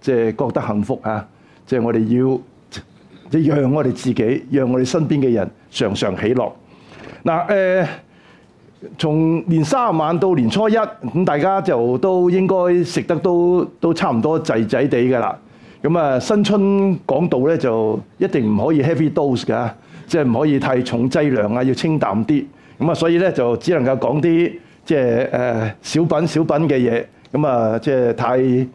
即係覺得幸福啊！即係我哋要，即係讓我哋自己，讓我哋身邊嘅人，常常喜樂。嗱誒，從年三十晚到年初一，咁大家就都應該食得都都差唔多滯滯地㗎啦。咁啊，新春講道咧就一定唔可以 heavy dose 㗎，即係唔可以太重劑量啊，要清淡啲。咁啊，所以咧就只能夠講啲即係誒小品小品嘅嘢。咁啊，即係太～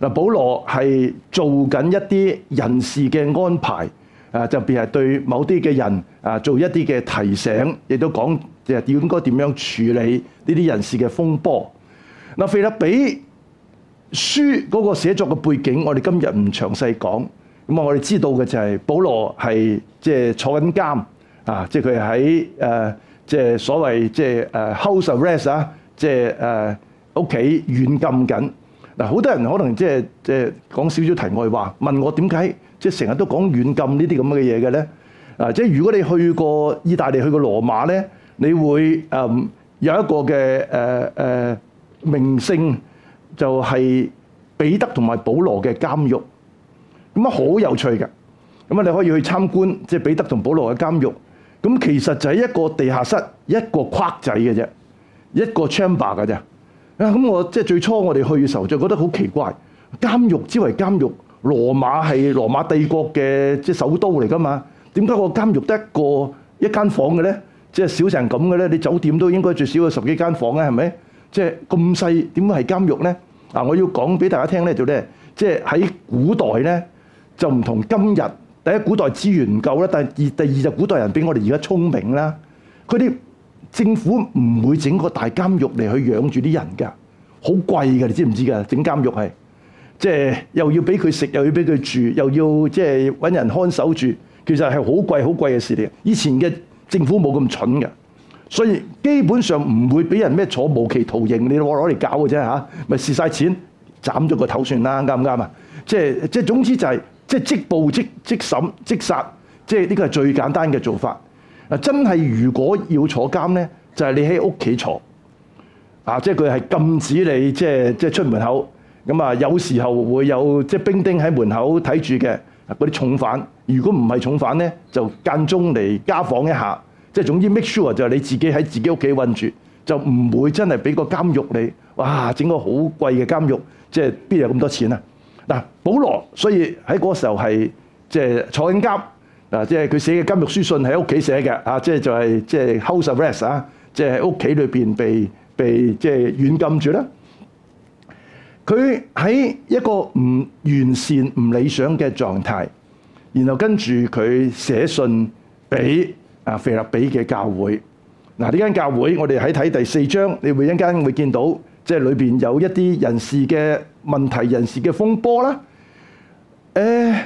嗱，保羅係做緊一啲人事嘅安排，啊，特別係對某啲嘅人，啊，做一啲嘅提醒，亦都講誒應該點樣處理呢啲人事嘅風波。嗱，腓立比書嗰個寫作嘅背景，我哋今日唔詳細講，咁啊，我哋知道嘅就係保羅係即係坐緊監，啊，即係佢喺誒，即係所謂即係誒 house arrest 啊，即係誒屋企軟禁緊。好多人可能即係即係講少少題外話，問我點解即係成日都講軟禁這些東西呢啲咁嘅嘢嘅咧？啊，即係如果你去過意大利、去過羅馬咧，你會誒、嗯、有一個嘅誒誒名勝就係、是、彼得同埋保羅嘅監獄，咁啊好有趣嘅，咁啊你可以去參觀，即係彼得同保羅嘅監獄。咁其實就係一個地下室，一個框仔嘅啫，一個 chamber 嘅啫。啊咁我即係最初我哋去嘅時候就覺得好奇怪，監獄之為監獄，羅馬係羅馬帝國嘅即係首都嚟㗎嘛？點解個監獄得一個一間房嘅咧？即係少成咁嘅咧？你酒店都應該最少有十幾間房啊？係咪？即係咁細點會係監獄咧？嗱，我要講俾大家聽咧就咧，即係喺古代咧就唔同今日。第一，古代資源唔夠啦，但係二第二就古代人比我哋而家聰明啦，佢政府唔會整個大監獄嚟去養住啲人㗎，好貴㗎，你知唔知㗎？整監獄係即係又要俾佢食，又要俾佢住，又要即係揾人看守住，其實係好貴好貴嘅事嚟。以前嘅政府冇咁蠢嘅，所以基本上唔會俾人咩坐無期徒刑，你攞嚟搞嘅啫嚇，咪蝕晒錢，斬咗個頭算啦，啱唔啱啊？即係即係總之就係、是、即係即捕即即審即殺，即係呢個係最簡單嘅做法。真係如果要坐監咧，就係、是、你喺屋企坐，啊，即係佢係禁止你即係即係出門口，咁啊有時候會有即係兵丁喺門口睇住嘅，嗰啲重犯。如果唔係重犯咧，就間中嚟家訪一下，即係總之 make sure 就係你自己喺自己屋企韞住，就唔會真係俾個監獄你。哇，整個好貴嘅監獄，即係邊有咁多錢啊？嗱，保羅所以喺嗰個時候係即係坐緊監。嗱，即係佢寫嘅《監獄書信》喺屋企寫嘅，啊，即係就係即係 house arrest 啊，即係屋企裏邊被被即係軟禁住啦。佢喺一個唔完善、唔理想嘅狀態，然後跟住佢寫信俾啊腓立比嘅教會。嗱，呢間教會我哋喺睇第四章，你會一陣間會見到，即係裏邊有一啲人事嘅問題、人事嘅風波啦。誒、啊。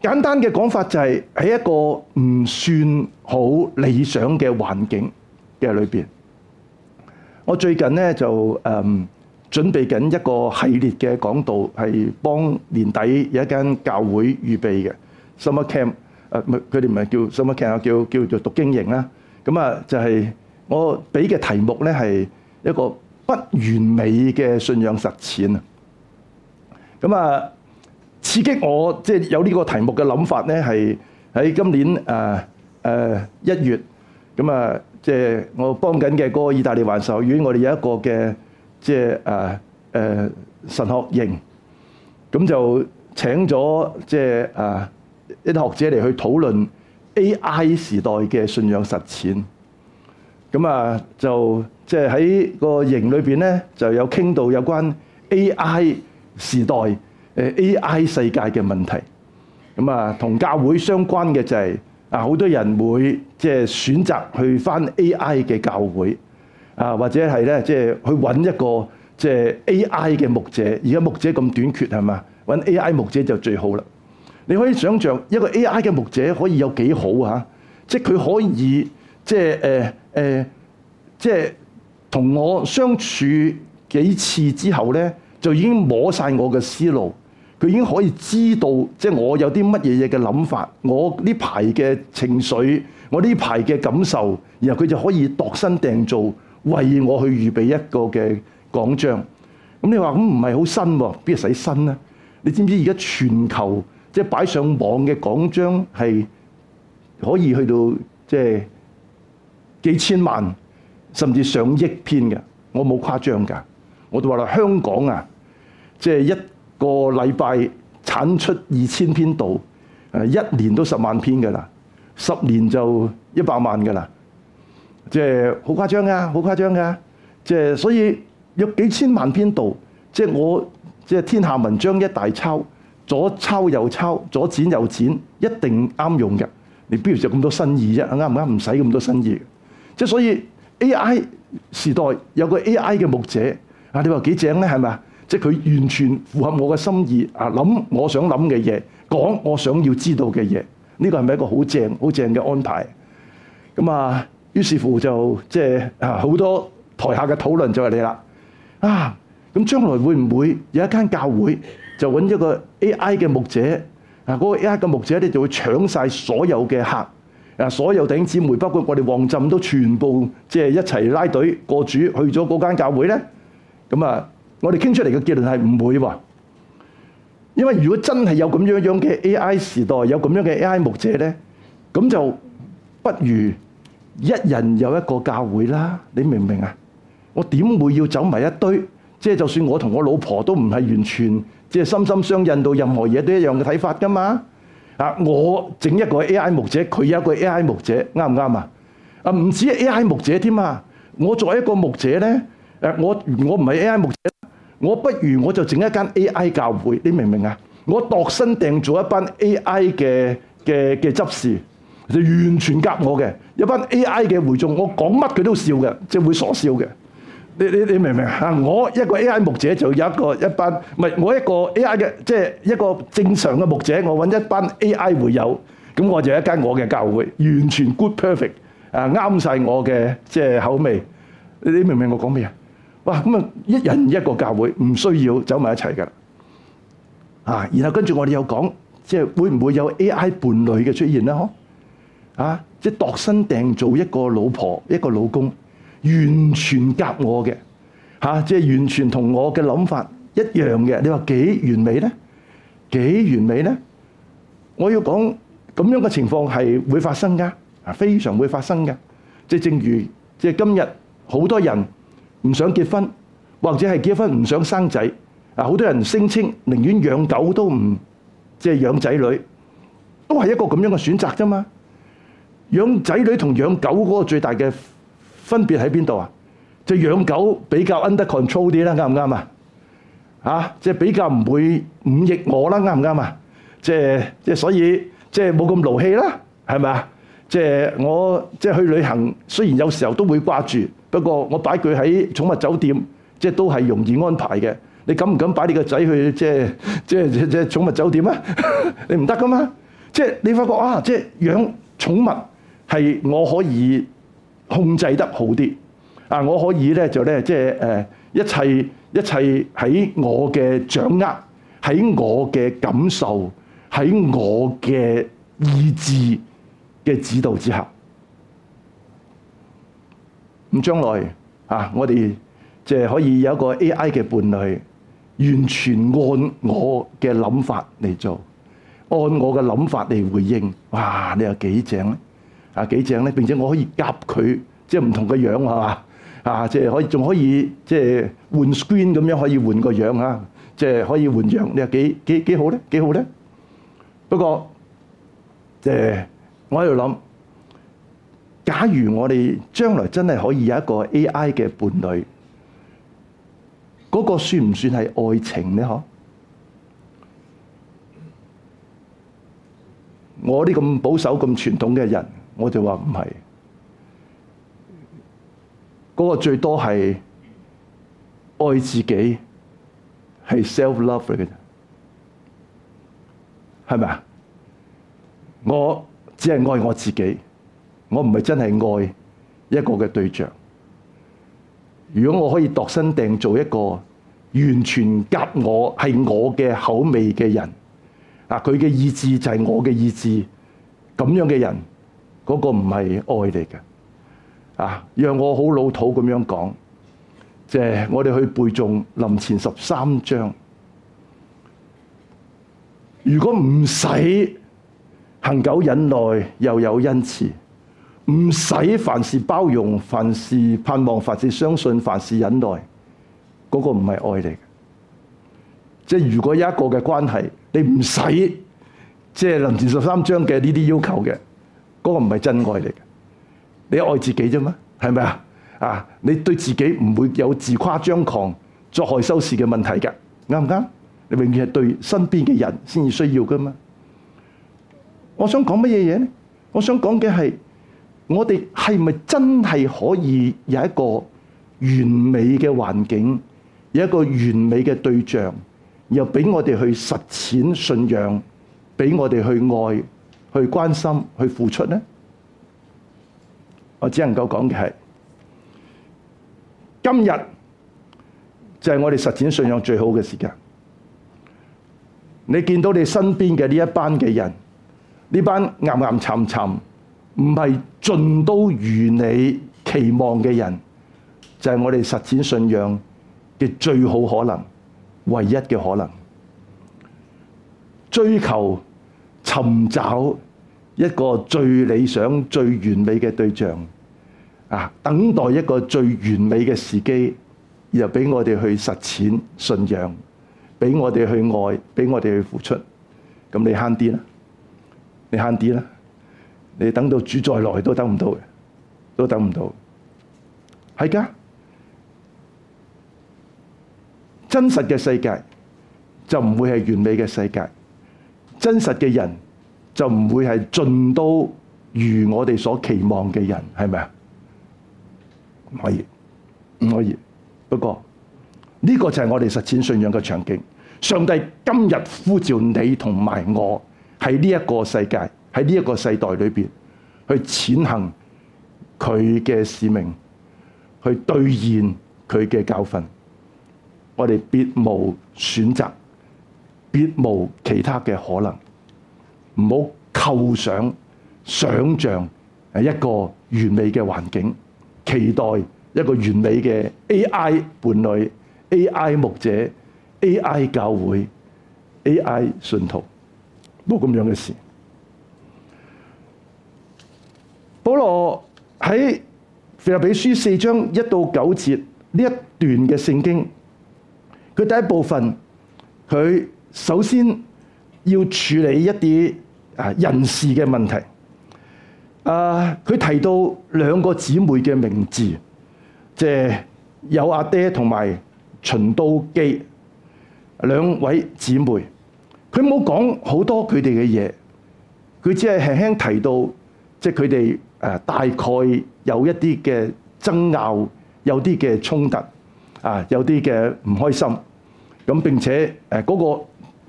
簡單嘅講法就係、是、喺一個唔算好理想嘅環境嘅裏邊。我最近咧就誒、嗯、準備緊一個系列嘅講道，係幫年底有一間教會預備嘅 summer camp，誒佢哋唔係叫 summer camp 啊，叫叫做讀經營啦。咁啊就係我俾嘅題目咧係一個不完美嘅信仰實踐啊。咁啊～刺激我即係、就是、有呢個題目嘅諗法咧，係喺今年啊誒一月咁啊，即係、就是、我幫緊嘅嗰個意大利環修院，我哋有一個嘅即係啊誒神學營，咁就請咗即係啊一啲學者嚟去討論 AI 時代嘅信仰實踐。咁啊就即係喺個營裏邊咧，就有傾到有關 AI 時代。AI 世界嘅問題，咁啊，同教會相關嘅就係、是、啊，好多人會即係選擇去返 AI 嘅教會，啊，或者係咧即係去揾一個即係 AI 嘅牧者。而家牧者咁短缺係嘛，揾 AI 牧者就最好啦。你可以想像一個 AI 嘅牧者可以有幾好啊？即係佢可以即係誒誒，即係同、呃、我相處幾次之後咧，就已經摸晒我嘅思路。佢已經可以知道，即係我有啲乜嘢嘢嘅諗法，我呢排嘅情緒，我呢排嘅感受，然後佢就可以度身訂造為我去預備一個嘅講章。咁你話咁唔係好新喎？邊使新呢？你知唔知而家全球即係擺上網嘅講章係可以去到即係幾千萬甚至上億篇嘅？我冇誇張㗎。我都話啦，香港啊，即係一個禮拜產出二千篇道，誒一年都十萬篇㗎啦，十年就一百萬㗎啦，即係好誇張㗎，好誇張㗎，即係所以有幾千萬篇道，即係我即係天下文章一大抄，左抄右抄，左剪右剪，一定啱用嘅。你邊度著咁多新意啫？啱唔啱？唔使咁多新意。即係所以 AI 時代有個 AI 嘅牧者，啊你話幾正咧？係咪啊？即係佢完全符合我嘅心意啊！諗我想諗嘅嘢，講我想要知道嘅嘢，呢個係咪一個好正、好正嘅安排？咁啊，於是乎就即係啊好多台下嘅討論就係你啦啊！咁將來會唔會有一間教會就搵一個 AI 嘅牧者啊？嗰個 AI 嘅牧者咧就會搶晒所有嘅客啊！所有弟兄姊妹，包括我哋旺浸都全部即係一齊拉隊過主去咗嗰間教會咧？咁啊！我哋傾出嚟嘅結論係唔會喎，因為如果真係有咁樣樣嘅 AI 時代，有咁樣嘅 AI 牧者咧，咁就不如一人有一個教會啦。你明唔明啊？我點會要走埋一堆？即係就算我同我老婆都唔係完全，即係心心相印到任何嘢都一樣嘅睇法噶嘛？啊，我整一個 AI 牧者，佢有一個 AI 牧者，啱唔啱啊？啊，唔止 AI 牧者添啊！我作為一個牧者咧，誒，我我唔係 AI 牧者。我不如我就整一間 AI 教會，你明唔明啊？我度身訂做一班 AI 嘅嘅嘅執事，就完全夾我嘅一班 AI 嘅會眾，我講乜佢都笑嘅，即係會傻笑嘅。你你你明唔明啊？我一個 AI 牧者就有一個一班，唔係我一個 AI 嘅，即係一個正常嘅牧者，我揾一班 AI 會友，咁我就有一間我嘅教會，完全 good perfect，誒啱晒我嘅即係口味。你你明唔明我講咩啊？哇！咁啊，一人一個教會，唔需要走埋一齊噶啦。啊，然後跟住我哋又講，即係會唔會有 AI 伴侶嘅出現咧？嗬，啊，即係度身訂造一個老婆、一個老公，完全夾我嘅，嚇，即係完全同我嘅諗法一樣嘅。你話幾完美咧？幾完美咧？我要講咁樣嘅情況係會發生噶，啊，非常會發生嘅。即係正如即係今日好多人。唔想結婚，或者係結婚唔想生仔，啊，好多人聲稱寧願養狗都唔即係養仔女，都係一個咁樣嘅選擇啫嘛。養仔女同養狗嗰個最大嘅分別喺邊度啊？即係養狗比較 under control 啲啦，啱唔啱啊？嚇，即係比較唔會忤逆我啦，啱唔啱啊？即係即係所以即係冇咁勞氣啦，係咪啊？即係我即係去旅行，雖然有時候都會掛住，不過我擺佢喺寵物酒店，即係都係容易安排嘅。你敢唔敢擺你個仔去即係即係即係寵物酒店啊？你唔得㗎嘛？即係你發覺啊，即係養寵物係我可以控制得好啲啊！我可以咧就咧即係誒一切一切喺我嘅掌握，喺我嘅感受，喺我嘅意志。嘅指導之下，咁將來啊，我哋即係可以有一個 AI 嘅伴侶，完全按我嘅諗法嚟做，按我嘅諗法嚟回應。哇！你有幾正咧？啊，幾正咧？並且我可以夾佢，即係唔同嘅樣係嘛？啊，即係可以，仲可以即係換 screen 咁樣，可以換個樣啊！即係可以換樣，你有幾幾幾好咧？幾好咧？不過即係，呃我喺度諗，假如我哋將來真係可以有一個 AI 嘅伴侶，嗰、那個算唔算係愛情呢？我呢咁保守、咁傳統嘅人，我就話唔係嗰、那個最多係愛自己，係 self love 嚟嘅，係咪？我。只係愛我自己，我唔係真係愛一個嘅對象。如果我可以度身訂造一個完全夾我係我嘅口味嘅人，啊，佢嘅意志就係我嘅意志，咁樣嘅人，嗰個唔係愛嚟嘅。啊，讓我好老土咁樣講，即係我哋去背誦林前十三章。如果唔使，恆久忍耐又有恩慈，唔使凡事包容，凡事盼望，凡事相信，凡事忍耐，嗰個唔係愛嚟嘅。即係如果有一個嘅關係，你唔使即係林前十三章嘅呢啲要求嘅，嗰個唔係真愛嚟嘅。你愛自己啫嘛，係咪啊？啊，你對自己唔會有自誇張狂作害羞事嘅問題㗎，啱唔啱？你永遠係對身邊嘅人先至需要㗎嘛。我想講乜嘢嘢咧？我想講嘅係，我哋係咪真係可以有一個完美嘅環境，有一個完美嘅對象，然後俾我哋去實踐信仰，俾我哋去愛、去關心、去付出咧？我只能夠講嘅係，今日就係我哋實踐信仰最好嘅時間。你見到你身邊嘅呢一班嘅人。呢班暗暗沉沉，唔係盡都如你期望嘅人，就係我哋實踐信仰嘅最好可能，唯一嘅可能。追求、尋找一個最理想、最完美嘅對象，啊，等待一個最完美嘅時機，又俾我哋去實踐信仰，俾我哋去愛，俾我哋去付出，咁你慳啲啦。你慳啲啦，你等到主再來都等唔到嘅，都等唔到嘅，係噶。真實嘅世界就唔會係完美嘅世界，真實嘅人就唔會係盡都如我哋所期望嘅人，係咪啊？唔可以，唔可以。不過呢、這個就係我哋實踐信仰嘅場景。上帝今日呼召你同埋我。.喺呢一個世界，喺呢一個世代裏邊，去踐行佢嘅使命，去兌現佢嘅教訓。我哋別無選擇，別無其他嘅可能。唔好構想、想像一個完美嘅環境，期待一個完美嘅 AI 伴侶、AI 牧者、AI 教會、AI 信徒。都咁樣嘅事。保羅喺腓立比書四章一到九節呢一段嘅聖經，佢第一部分，佢首先要處理一啲人事嘅問題。啊，佢提到兩個姊妹嘅名字，即，就是有阿爹同埋秦都基兩位姊妹。佢冇講好多佢哋嘅嘢，佢只係輕輕提到，即係佢哋誒大概有一啲嘅爭拗，有啲嘅衝突，啊，有啲嘅唔開心。咁並且誒嗰個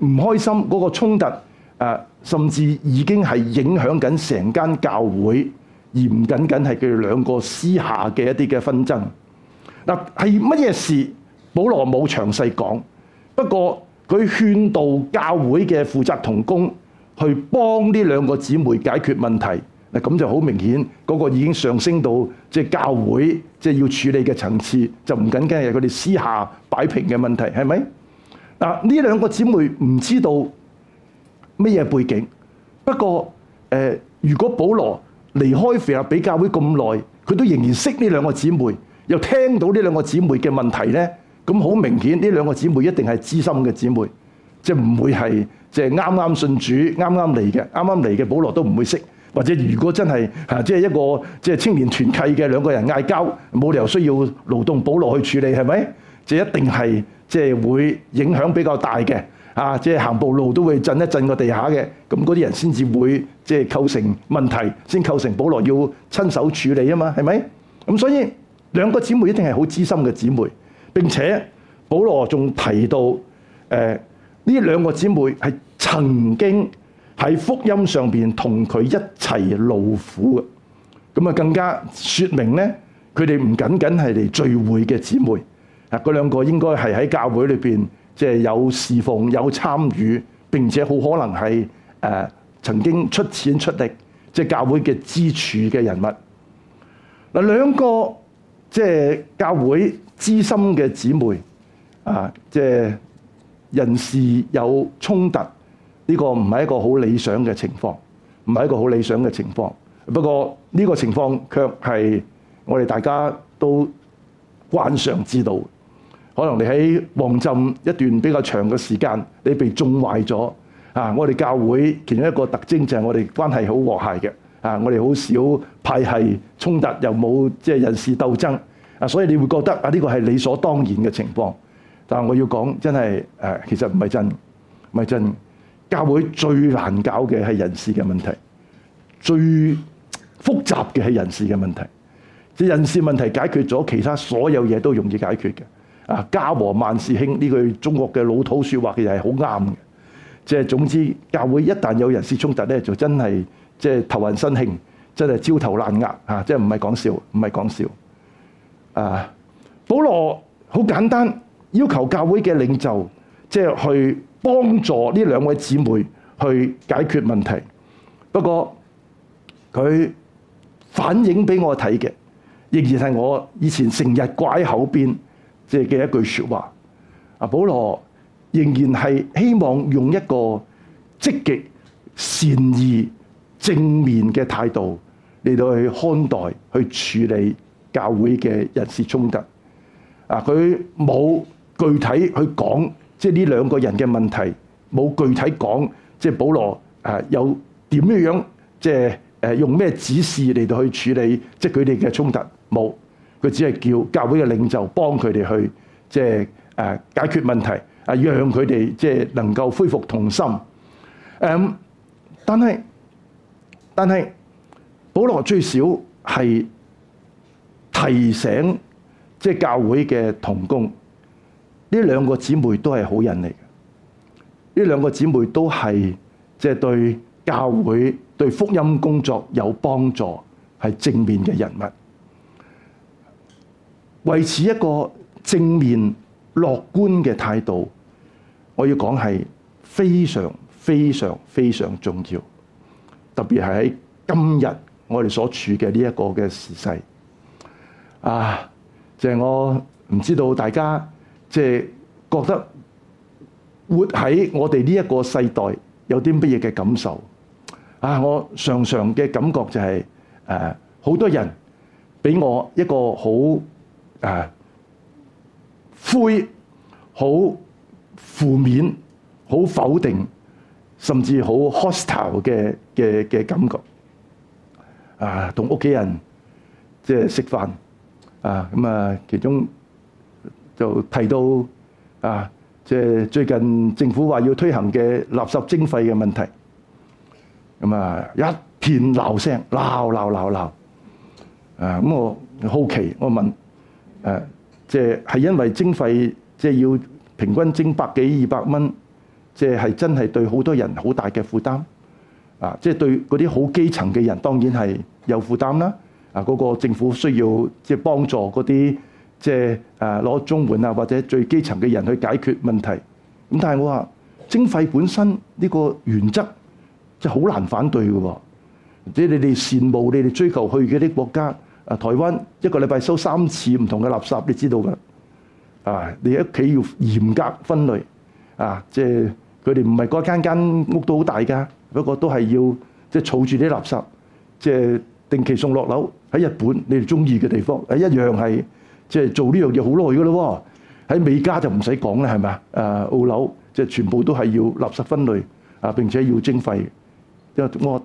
唔開心嗰個衝突誒，甚至已經係影響緊成間教會，而唔僅僅係佢哋兩個私下嘅一啲嘅紛爭。嗱，係乜嘢事？保羅冇詳細講，不過。佢勸導教會嘅負責同工去幫呢兩個姊妹解決問題，嗱咁就好明顯，嗰、那個已經上升到即係教會即係、就是、要處理嘅層次，就唔僅僅係佢哋私下擺平嘅問題，係咪？嗱，呢兩個姊妹唔知道乜嘢背景，不過誒、呃，如果保羅離開腓立比教會咁耐，佢都仍然識呢兩個姊妹，又聽到呢兩個姊妹嘅問題咧。咁好明顯，呢兩個姊妹一定係知心嘅姊妹，即係唔會係即係啱啱信主、啱啱嚟嘅、啱啱嚟嘅保羅都唔會識。或者如果真係嚇，即係一個即係青年團契嘅兩個人嗌交，冇理由需要勞動保羅去處理，係咪？即係一定係即係會影響比較大嘅嚇，即係行步路都會震一震個地下嘅。咁嗰啲人先至會即係構成問題，先構成保羅要親手處理啊嘛，係咪？咁所以兩個姊妹一定係好知心嘅姊妹。並且保羅仲提到，誒呢兩個姊妹係曾經喺福音上邊同佢一齊勞苦嘅，咁啊更加説明咧，佢哋唔僅僅係嚟聚會嘅姊妹，嗱，嗰兩個應該係喺教會裏邊即係有侍奉、有參與，並且好可能係誒、呃、曾經出錢出力，即、就、係、是、教會嘅支柱嘅人物。嗱、呃、兩個即係、就是、教會。知心嘅姊妹，啊，即係人事有衝突，呢個唔係一個好理想嘅情況。唔係一個好理想嘅情況。不過呢個情況卻係我哋大家都慣常知道。可能你喺旺浸一段比較長嘅時間，你被縱壞咗啊！我哋教會其中一個特徵就係我哋關係好和諧嘅啊，我哋好少派系衝突，又冇即係人事鬥爭。啊，所以你會覺得啊，呢個係理所當然嘅情況。但係我要講，真係誒，其實唔係真，唔係真。教會最難搞嘅係人事嘅問題，最複雜嘅係人事嘅問題。即係人事問題解決咗，其他所有嘢都容易解決嘅。啊，家和萬事興呢句中國嘅老土説話嘅又係好啱嘅。即係總之，教會一旦有人事衝突咧，就真係即係頭暈身興，真係焦頭爛額嚇，即係唔係講笑，唔係講笑。啊！保羅好簡單，要求教會嘅領袖即係、就是、去幫助呢兩位姊妹去解決問題。不過佢反映俾我睇嘅，仍然係我以前成日掛喺口邊即係嘅一句説話。啊！保羅仍然係希望用一個積極、善意、正面嘅態度嚟到去看待、去處理。教會嘅人事衝突啊，佢冇具體去講，即係呢兩個人嘅問題冇具體講，即係保羅啊有點樣樣，即係誒用咩指示嚟到去處理，即係佢哋嘅衝突冇。佢只係叫教會嘅領袖幫佢哋去即係誒、啊、解決問題啊，讓佢哋即係能夠恢復同心誒、嗯，但係但係保羅最少係。提醒即係、就是、教會嘅同工，呢兩個姊妹都係好人嚟嘅。呢兩個姊妹都係，即、就、係、是、對教會對福音工作有幫助，係正面嘅人物。維持一個正面樂觀嘅態度，我要講，係非常非常非常重要，特別係喺今日我哋所處嘅呢一個嘅時勢。啊！就係、是、我唔知道大家即係、就是、覺得活喺我哋呢一個世代有啲乜嘢嘅感受啊！我常常嘅感覺就係、是、誒，好、啊、多人俾我一個好誒、啊、灰、好負面、好否定，甚至好 hostile 嘅嘅嘅感覺啊！同屋企人即係食飯。啊，咁啊，其中就提到啊，即係最近政府話要推行嘅垃圾徵費嘅問題，咁啊一片鬧聲，鬧鬧鬧鬧，啊，咁我好奇，我問，誒，即係係因為徵費，即係要平均徵百幾二百蚊，即係係真係對好多人好大嘅負擔，啊，即係對嗰啲好基層嘅人，當然係有負擔啦。啊！嗰個政府需要即係幫助嗰啲即係誒攞綜援啊，或者最基層嘅人去解決問題。咁但係我話徵費本身呢個原則即係好難反對嘅喎。即係你哋羨慕你哋追求去嘅啲國家啊，台灣一個禮拜收三次唔同嘅垃圾，你知道㗎？啊，你屋企要嚴格分類啊！即係佢哋唔係嗰間間屋都好大㗎，不過都係要即係儲住啲垃圾，即係。定期送落樓。喺日本，你哋中意嘅地方係一樣係，即係做呢樣嘢好耐嘅咯喎。喺美加就唔使講啦，係咪？誒，澳紐即係全部都係要垃圾分類啊，並且要徵費。因為我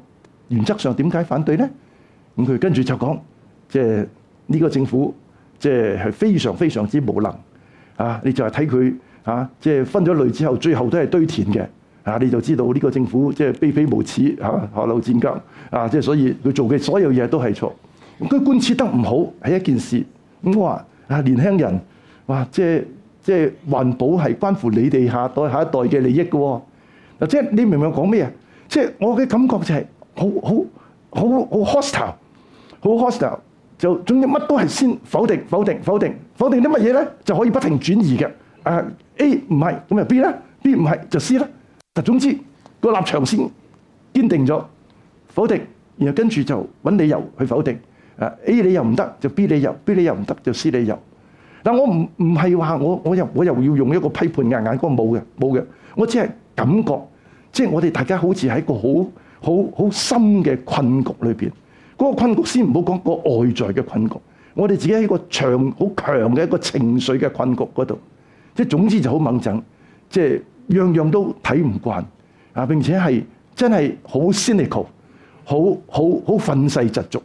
原則上點解反對咧？咁佢跟住就講，即係呢個政府即係係非常非常之無能啊！你就係睇佢啊，即係分咗類之後，最後都係堆填嘅。啊！你就知道呢個政府即係卑鄙無恥嚇，下流賤格啊！即係所以佢做嘅所有嘢都係錯。佢貫徹得唔好係一件事。咁我話啊，年輕人話即係即係環保係關乎你哋下一代、下一代嘅利益嘅。嗱，即係你明唔明我講咩嘢？即係我嘅感覺就係好好好好 hostile，好 hostile 就總之乜都係先否定、否定、否定、否定啲乜嘢咧，就可以不停轉移嘅。啊 A 唔係咁就 B 啦，B 唔係就 C 啦。嗱，總之個立場先堅定咗，否定，然後跟住就揾理由去否定。誒 A 你又唔得，就 B 理由；B 理由唔得，就 C 理由。但我唔唔係話我我又我又要用一個批判嘅眼光，冇嘅，冇嘅。我只係感覺，即係我哋大家好似喺個好好好深嘅困局裏邊。嗰個困局先唔好講個外在嘅困局，我哋自己喺個長好強嘅一個情緒嘅困局嗰度，即係總之就好猛掙，即係。樣樣都睇唔慣啊！並且係真係好 cynical 好好好憤世嫉俗。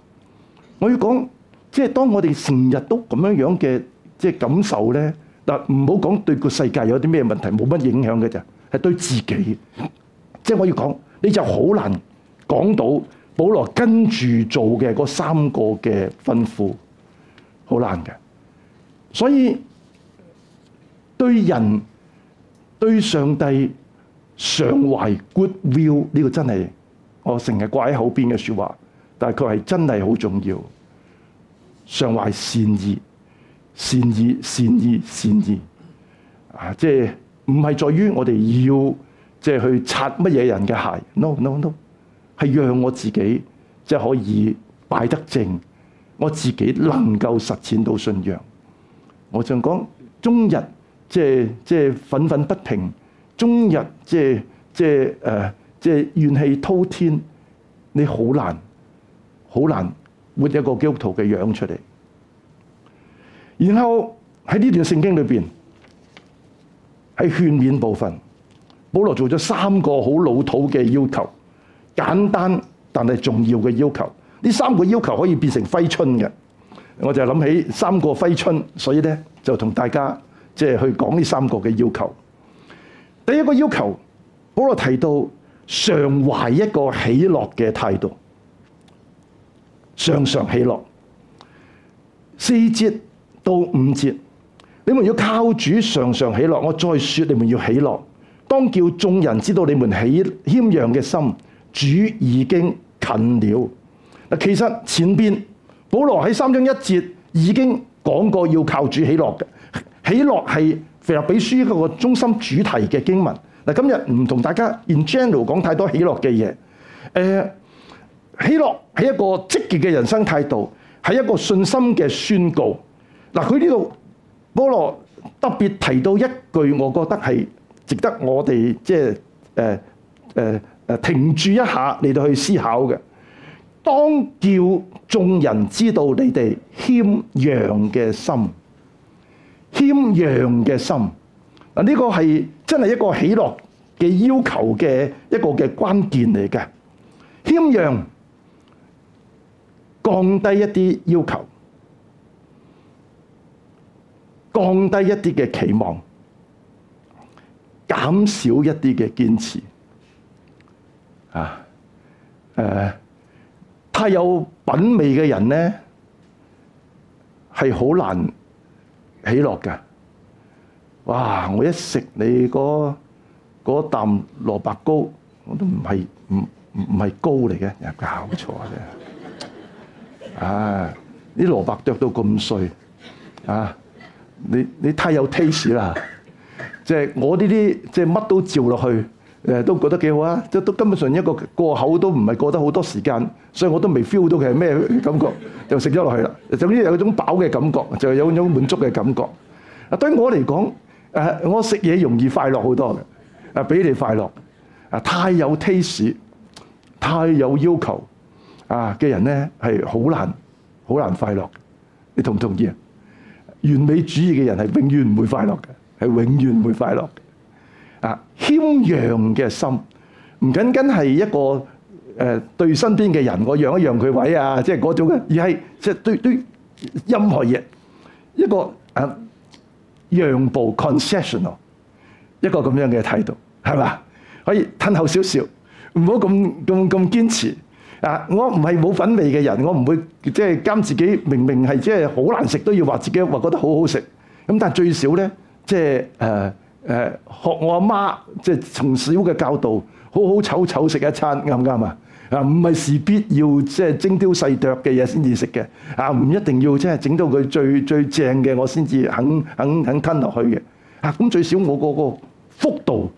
我要講，即係當我哋成日都咁樣樣嘅即係感受咧，但唔好講對個世界有啲咩問題，冇乜影響嘅啫，係對自己。即係我要講，你就好難講到保羅跟住做嘅嗰三個嘅吩咐，好難嘅。所以對人。對上帝常懷 good will 呢個真係我成日掛喺口邊嘅説話，但係佢係真係好重要。常懷善意、善意、善意、善意、善意，啊！即係唔係在於我哋要即係、就是、去擦乜嘢人嘅鞋？No，no，no，係 no, no，讓我自己即係、就是、可以擺得正，我自己能夠實踐到信仰。我想講中日。即係即係憤憤不平，終日即係即係誒即係怨氣滔天，你好難好難活一個基督徒嘅樣出嚟。然後喺呢段聖經裏邊，喺勸勉部分，保羅做咗三個好老土嘅要求，簡單但係重要嘅要求。呢三個要求可以變成揮春嘅，我就諗起三個揮春，所以咧就同大家。即係去講呢三個嘅要求。第一個要求，保羅提到常懷一個喜樂嘅態度，常常喜樂，四節到五節，你們要靠主常常喜樂，我再說你們要喜樂。當叫眾人知道你們喜謙讓嘅心，主已經近了。嗱，其實前邊保羅喺三章一節已經講過要靠主喜樂嘅。喜樂係《腓立比書》嗰個中心主題嘅經文。嗱，今日唔同大家 in general 講太多喜樂嘅嘢。誒、嗯，喜樂係一個積極嘅人生態度，係一個信心嘅宣告。嗱、嗯，佢呢度保羅特別提到一句，我覺得係值得我哋即係誒誒誒停住一下嚟到去思考嘅。當叫眾人知道你哋謙讓嘅心。謙讓嘅心，呢個係真係一個喜樂嘅要求嘅一個嘅關鍵嚟嘅。謙讓，降低一啲要求，降低一啲嘅期望，減少一啲嘅堅持。啊，誒、呃，太有品味嘅人咧，係好難。起落嘅，哇！我一食你嗰啖蘿蔔糕，我都唔係唔唔唔係糕嚟嘅，又搞錯啫！啊！啊！啲蘿蔔剁到咁碎，啊！你你太有 taste 啦，即係我呢啲即係乜都照落去。誒都覺得幾好啊！即都根本上一個過口都唔係過得好多時間，所以我都未 feel 到佢係咩感覺，就食咗落去啦。總之有嗰種飽嘅感覺，就有嗰種滿足嘅感覺。啊，對我嚟講，誒我食嘢容易快樂好多嘅。啊，畀你快樂。啊，太有 taste，太有要求的人是很，啊嘅人咧係好難好難快樂。你同唔同意啊？完美主義嘅人係永遠唔會快樂嘅，係永遠唔會快樂。啊，謙讓嘅心唔僅僅係一個誒、呃、對身邊嘅人，我讓一讓佢位啊，即係嗰種嘅，而係即係對對任何嘢一個誒、啊、讓步 concessional 一個咁樣嘅態度，係嘛？可以吞口少少，唔好咁咁咁堅持啊！我唔係冇品味嘅人，我唔會即係監自己明明係即係好難食都要話自己話覺得好好食，咁但係最少咧，即係誒。呃誒學我阿媽，即係從小嘅教導，好好醜醜食一餐啱唔啱啊？啊，唔係事必要即係精雕細琢嘅嘢先至食嘅，啊，唔一定要即係整到佢最最正嘅，我先至肯肯肯吞落去嘅。嚇、啊，咁最少我個個幅度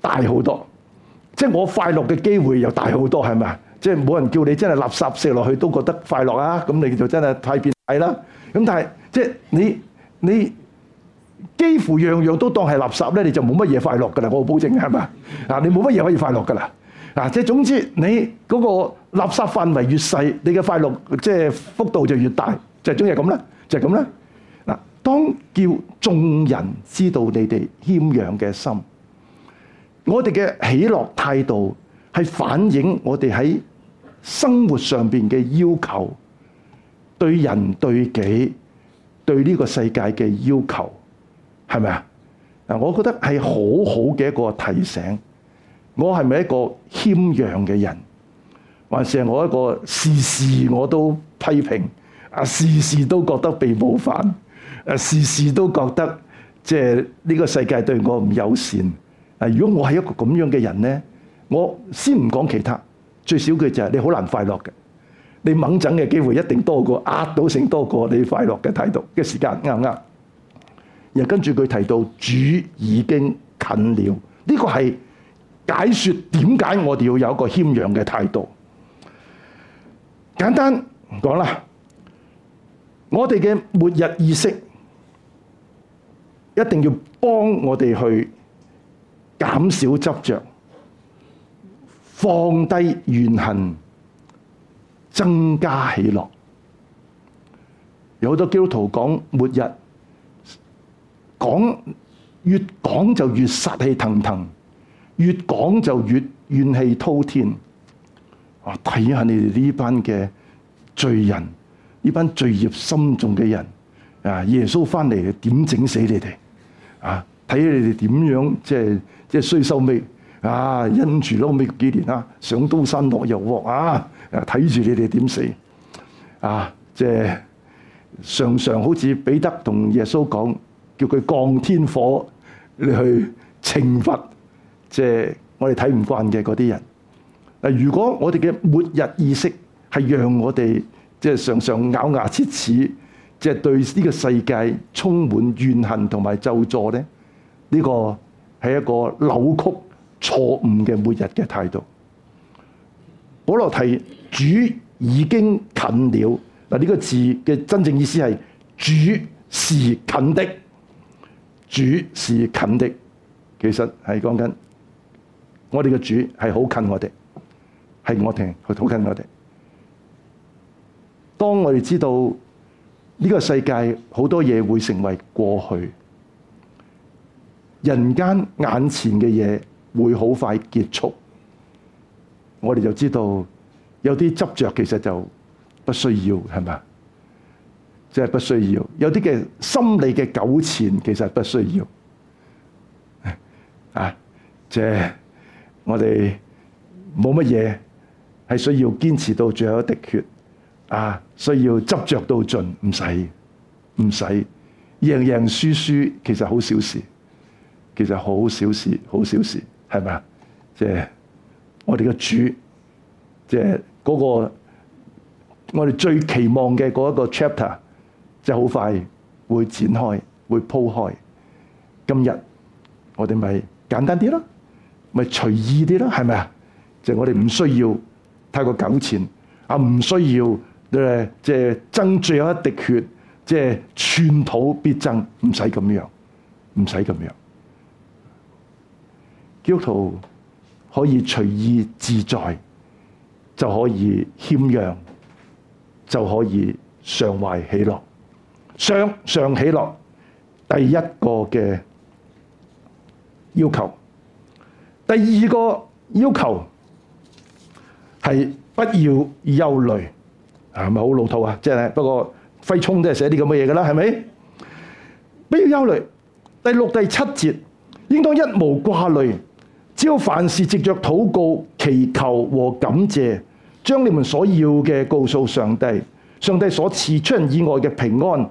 大好多，即係我快樂嘅機會又大好多，係咪啊？即係冇人叫你真係垃圾食落去都覺得快樂啊。咁你就真係太變態啦！咁但係即係你你。你幾乎樣樣都當係垃圾咧，你就冇乜嘢快樂噶啦，我保證係嘛？嗱，你冇乜嘢可以快樂噶啦。嗱，即係總之，你嗰個垃圾範圍越細，你嘅快樂即係幅度就越大。就係中意咁啦，就係咁啦。嗱，當叫眾人知道你哋謙讓嘅心，我哋嘅喜樂態度係反映我哋喺生活上面嘅要求，對人對己對呢個世界嘅要求。係咪啊？嗱，我覺得係好好嘅一個提醒。我係咪一個謙讓嘅人，還是係我一個事事我都批評啊？事事都覺得被冒犯，誒事事都覺得即係呢個世界對我唔友善。啊，如果我係一個咁樣嘅人咧，我先唔講其他，最少佢就係你好難快樂嘅。你掹診嘅機會一定多過壓倒性多過你快樂嘅態度的間。嘅時間啱唔啱？跟住佢提到主已經近了，呢個係解說點解我哋要有一個謙讓嘅態度。簡單講啦，我哋嘅末日意識一定要幫我哋去減少執着，放低怨恨，增加喜樂。有好多基督徒講末日。講越講就越殺氣騰騰，越講就越怨氣滔天。啊！睇下你哋呢班嘅罪人，呢班罪孽深重嘅人啊！耶穌翻嚟點整死你哋啊？睇下你哋點樣即係即係衰收尾啊！因住咯尾幾年啦，上刀山落油鑊啊！睇、啊、住你哋點死啊！即係常常好似彼得同耶穌講。叫佢降天火，你去懲罰，即係我哋睇唔慣嘅嗰啲人。嗱，如果我哋嘅末日意識係讓我哋即係常常咬牙切齒，即係對呢個世界充滿怨恨同埋咒詛咧，呢個係一個扭曲錯誤嘅末日嘅態度。保羅提主已經近了，嗱，呢個字嘅真正意思係主是近的。主是近的，其實係講緊我哋嘅主係好近我哋，係我哋，係好近我哋。當我哋知道呢個世界好多嘢會成為過去，人間眼前嘅嘢會好快結束，我哋就知道有啲執着其實就不需要，係吧？即係不需要，有啲嘅心理嘅糾纏，其實不需要。啊，即係我哋冇乜嘢，係需要堅持到最後一滴血。啊，需要執着到盡，唔使，唔使贏贏輸輸，其實好小事，其實好小事，好小事，係咪啊？即係我哋嘅主，即係嗰個我哋最期望嘅嗰一個 chapter。就好快會展開，會鋪開。今日我哋咪簡單啲咯，咪隨意啲咯，係咪啊？就係我哋唔需要太過糾纏啊，唔需要誒，即係爭最後一滴血，即係寸土必爭，唔使咁樣，唔使咁樣。基督徒可以隨意自在，就可以謙讓，就可以常懷喜樂。上上喜樂，第一個嘅要求，第二個要求係不要憂慮，啊，係咪好老套啊？即係不過，揮春都係寫啲咁嘅嘢噶啦，係咪？不要憂慮。第六、第七節，應當一無掛慮，只要凡事藉着禱告、祈求和感謝，將你們所要嘅告訴上帝，上帝所賜出人意外嘅平安，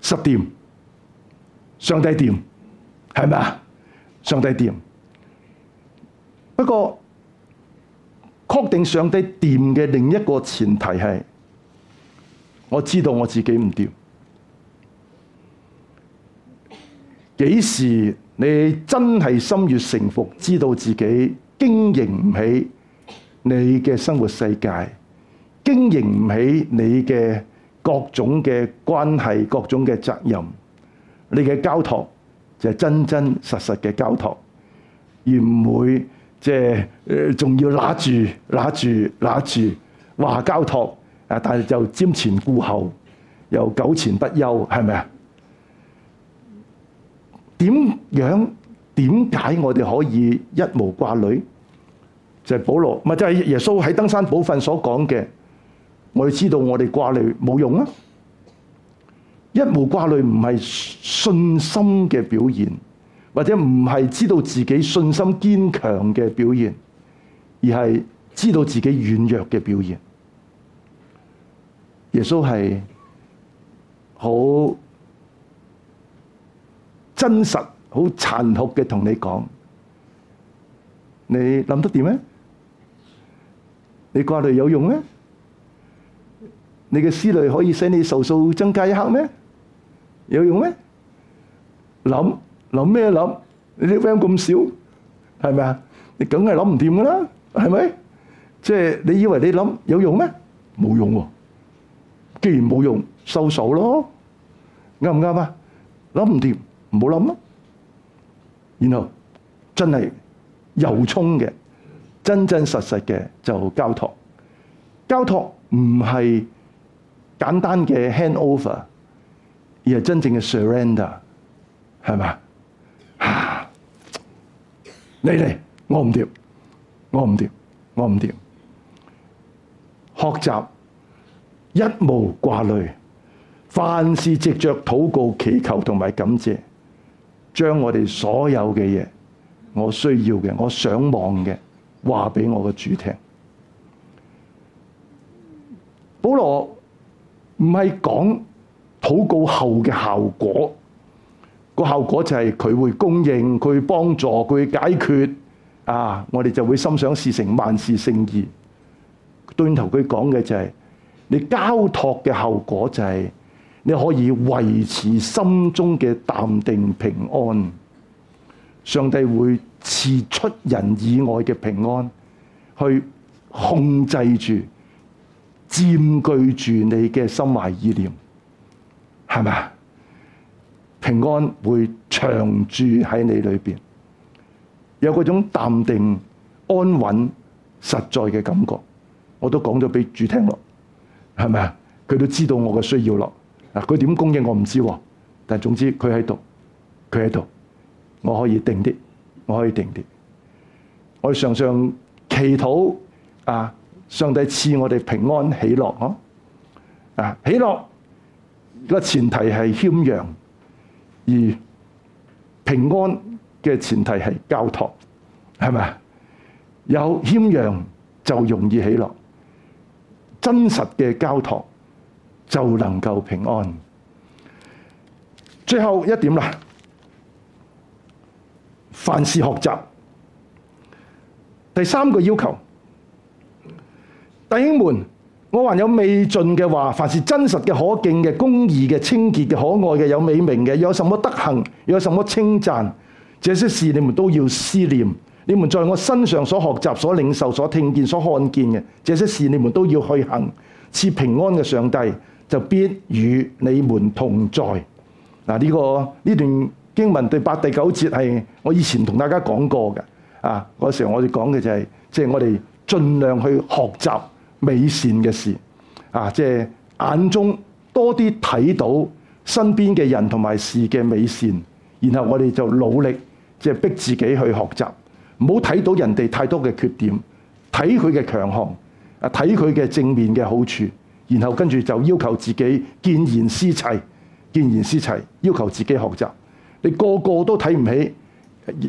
十掂，上帝掂，係咪啊？上帝掂，不過確定上帝掂嘅另一個前提係，我知道我自己唔掂。幾時你真係心悅誠服，知道自己經營唔起你嘅生活世界，經營唔起你嘅各種嘅關係，各種嘅責任，你嘅交託就係真真實實嘅交託，而唔會即係誒仲要揦住揦住揦住話交託啊！但係就瞻前顧後，又久纏不休，係咪啊？點樣，點解我哋可以一無掛慮？就係保羅咪即係耶穌喺登山寶訓所講嘅。我們知道我哋掛慮冇用啊！一無掛慮唔係信心嘅表現，或者唔係知道自己信心堅強嘅表現，而係知道自己軟弱嘅表現。耶穌係好真實、好殘酷嘅同你講，你諗得點咧？你掛慮有用嗎？你嘅思慮可以使你壽數增加一刻咩？有用咩？諗諗咩諗？你啲 brain 咁少，係咪啊？你梗係諗唔掂㗎啦，係咪？即係你以為你諗有用咩？冇用喎。既然冇用，收手咯，啱唔啱啊？諗唔掂，唔好諗啦。然後真係由衷嘅、真真實實嘅就交託。交託唔係簡單嘅 hand over，而係真正嘅 surrender，係嘛？你嚟，我唔掂，我唔掂，我唔掂。學習一無掛慮，凡事藉着禱告、祈求同埋感謝，將我哋所有嘅嘢，我需要嘅、我想望嘅，話俾我嘅主聽。保羅。唔係講禱告後嘅效果，個效果就係佢會供應、佢幫助、佢解決啊！我哋就會心想事成、萬事勝意。端頭他的、就是，佢講嘅就係你交託嘅效果就係、是、你可以維持心中嘅淡定平安，上帝會賜出人意外嘅平安去控制住。佔據住你嘅心懷意念，係咪啊？平安會長住喺你裏邊，有嗰種淡定、安穩、實在嘅感覺。我都講咗俾主聽咯，係咪啊？佢都知道我嘅需要咯。嗱，佢點供應我唔知，但係總之佢喺度，佢喺度，我可以定啲，我可以定啲。我常常祈禱啊！上帝賜我哋平安喜樂咯、啊！啊，喜樂個前提係謙讓，而平安嘅前提係交託，係咪啊？有謙讓就容易喜樂，真實嘅交託就能夠平安。最後一點啦，凡事學習第三個要求。弟兄們，我還有未盡嘅話，凡是真實嘅、可敬嘅、公義嘅、清潔嘅、可愛嘅、有美名嘅，有什麼德行，有什麼稱讚，這些事你們都要思念。你們在我身上所學習、所領受、所聽見、所看見嘅，這些事你們都要去行。賜平安嘅上帝就必與你們同在。嗱、這個，呢個呢段經文第八第九節係我以前同大家講過嘅。啊、就是，嗰時候我哋講嘅就係，即係我哋盡量去學習美善嘅事，啊，即係眼中多啲睇到身邊嘅人同埋事嘅美善，然後我哋就努力，即係逼自己去學習，唔好睇到人哋太多嘅缺點，睇佢嘅強項，啊，睇佢嘅正面嘅好處，然後跟住就要求自己見賢思齊，見賢思齊，要求自己學習。你個個都睇唔起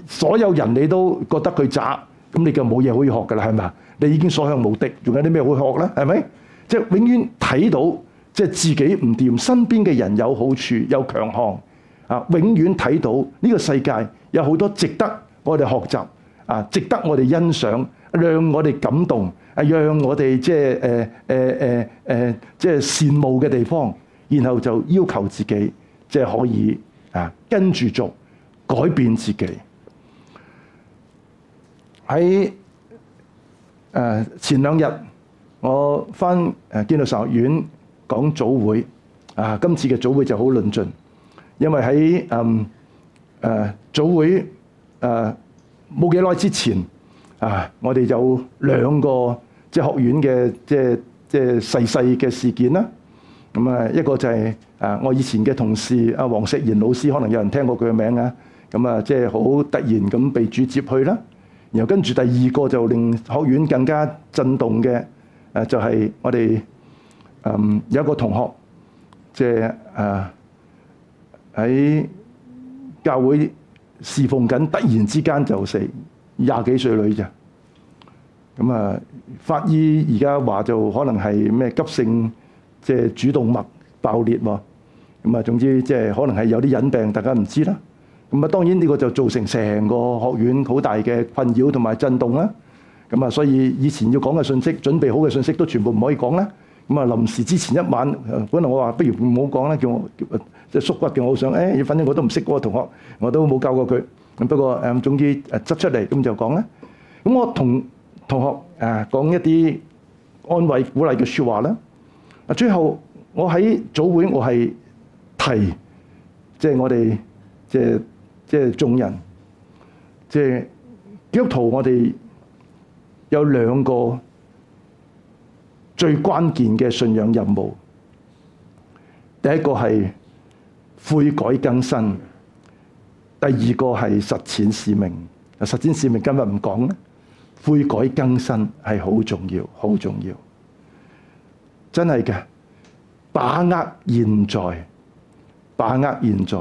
所有人，你都覺得佢渣，咁你就冇嘢可以學噶啦，係咪啊？你已經所向無敵，仲有啲咩好學咧？係咪？即係永遠睇到，即係自己唔掂，身邊嘅人有好處，有強項啊！永遠睇到呢個世界有好多值得我哋學習啊，值得我哋欣賞，讓我哋感動啊，讓我哋即係誒誒誒誒即係羨慕嘅地方，然後就要求自己即係可以啊跟住做改變自己喺。誒前兩日我翻誒建道神學院講組,組,、嗯啊、組會，啊，今次嘅組會就好論盡，因為喺誒誒組會誒冇幾耐之前啊，我哋有兩個即係學院嘅即係即係細細嘅事件啦。咁啊，一個就係啊，我以前嘅同事阿黃石賢老師，可能有人聽過佢嘅名啊。咁啊，即係好突然咁被主接去啦。然後跟住第二個就令學院更加震動嘅，誒就係、是、我哋，嗯有一個同學，即係啊喺教會侍奉緊，突然之間就死，廿幾歲女咋，咁啊法醫而家話就可能係咩急性，即、就、係、是、主動脈爆裂喎，咁啊總之即係可能係有啲隱病，大家唔知啦。咁啊，當然呢個就造成成個學院好大嘅困擾同埋震動啦。咁啊，所以以前要講嘅信息，準備好嘅信息都全部唔可以講啦。咁啊，臨時之前一晚，本來我話不如唔好講啦，叫我即係縮骨嘅，我好想誒，反正我都唔識嗰個同學，我都冇教過佢。不過誒，總之誒執出嚟咁就講啦。咁我同同學誒講一啲安慰鼓勵嘅説話啦。最後我喺組會我係提，即係我哋即係。就是即係眾人，即係基督徒，我哋有兩個最關鍵嘅信仰任務。第一個係悔改更新，第二個係實踐使命。啊，實踐使命今日唔講啦，悔改更新係好重要，好重要，真係嘅。把握現在，把握現在，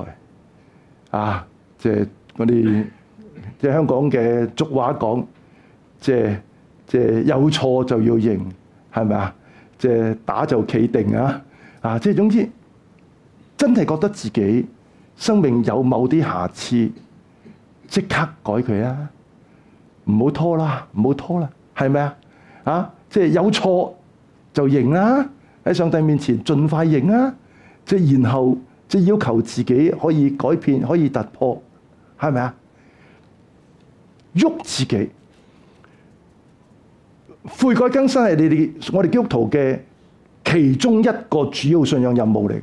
啊！即係我哋即係香港嘅俗話講，即係即係有錯就要認，係咪啊？即係打就企定啊！啊，即係總之，真係覺得自己生命有某啲瑕疵，即刻改佢啊！唔好拖啦，唔好拖啦，係咪啊？啊，即係有錯就認啦，啊，喺上帝面前盡快認啊！即係然後即係要求自己可以改變，可以突破。係咪啊？喐自己，悔改更新係你哋我哋基督徒嘅其中一個主要信仰任務嚟。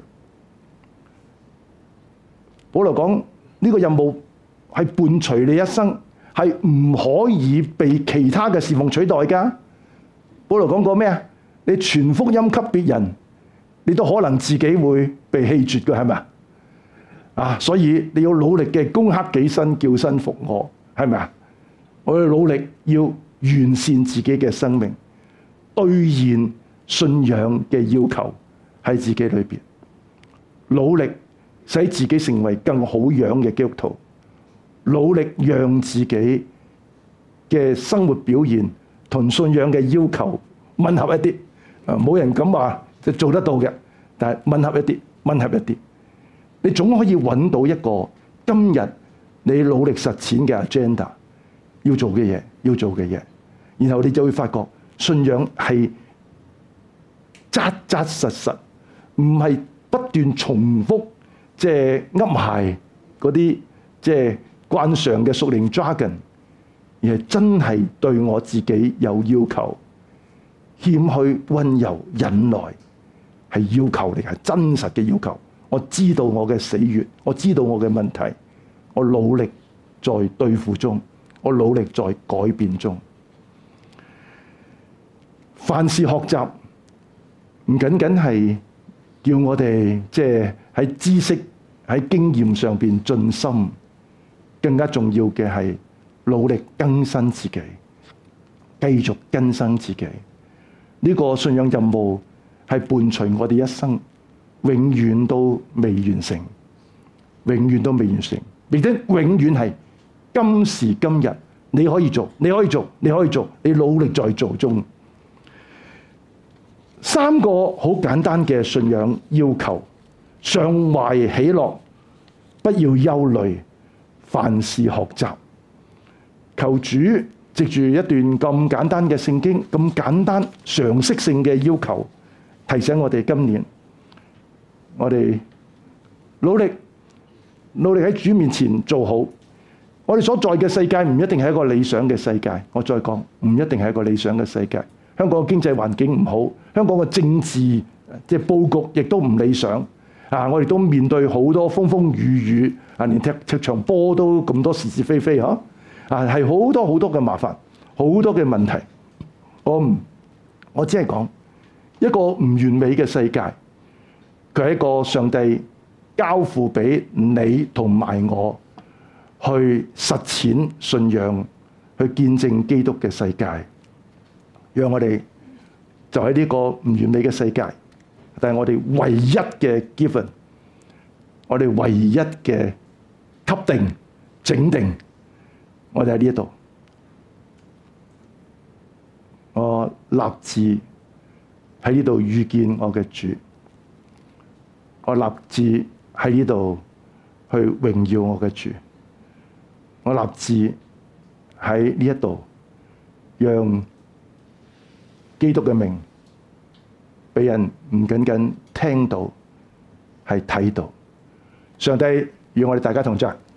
保羅講呢個任務係伴隨你一生，係唔可以被其他嘅侍奉取代㗎。保羅講過咩？你傳福音給別人，你都可能自己會被棄絕㗎，係咪啊？啊！所以你要努力嘅攻克己身，叫身服我，係咪啊？我要努力要完善自己嘅生命，兌現信仰嘅要求喺自己裏面，努力使自己成為更好樣嘅基督徒，努力讓自己嘅生活表現同信仰嘅要求吻合一啲。啊，冇人敢話就做得到嘅，但係吻合一啲，吻合一啲。你總可以揾到一個今日你努力實踐嘅 agenda 要做嘅嘢，要做嘅嘢，然後你就會發覺信仰係扎扎實實，唔係不斷重複即係噏鞋嗰啲即係慣常嘅熟練 dragon 而係真係對我自己有要求，謙虛、温柔、忍耐係要求嚟，係真實嘅要求。我知道我嘅死穴，我知道我嘅問題，我努力在對付中，我努力在改變中。凡事學習唔僅僅係要我哋即係知識、喺經驗上邊盡心，更加重要嘅係努力更新自己，繼續更新自己。呢個信仰任務係伴隨我哋一生。永遠都未完成，永遠都未完成，並且永遠係今時今日你可以做，你可以做，你可以做，你努力在做中。三個好簡單嘅信仰要求：常懷喜樂，不要憂慮，凡事學習。求主藉住一段咁簡單嘅聖經，咁簡單常識性嘅要求，提醒我哋今年。我哋努力努力喺主面前做好。我哋所在嘅世界唔一定係一個理想嘅世界。我再講，唔一定係一個理想嘅世界。香港嘅經濟環境唔好，香港嘅政治即係佈局亦都唔理想啊！我哋都面對好多風風雨雨啊，連踢踢場波都咁多是是非非啊啊，係好多好多嘅麻煩，好多嘅問題。我唔，我只係講一個唔完美嘅世界。佢係一個上帝交付給你同埋我去實踐信仰，去見證基督嘅世界。讓我哋就喺呢個唔完美嘅世界，但係我哋唯一嘅 given，我哋唯一嘅給定整定，我哋喺呢度，我立志喺呢度遇見我嘅主。我立志喺呢度去榮耀我嘅主。我立志喺呢一度讓基督嘅名畀人唔僅僅聽到，係睇到。上帝與我哋大家同在。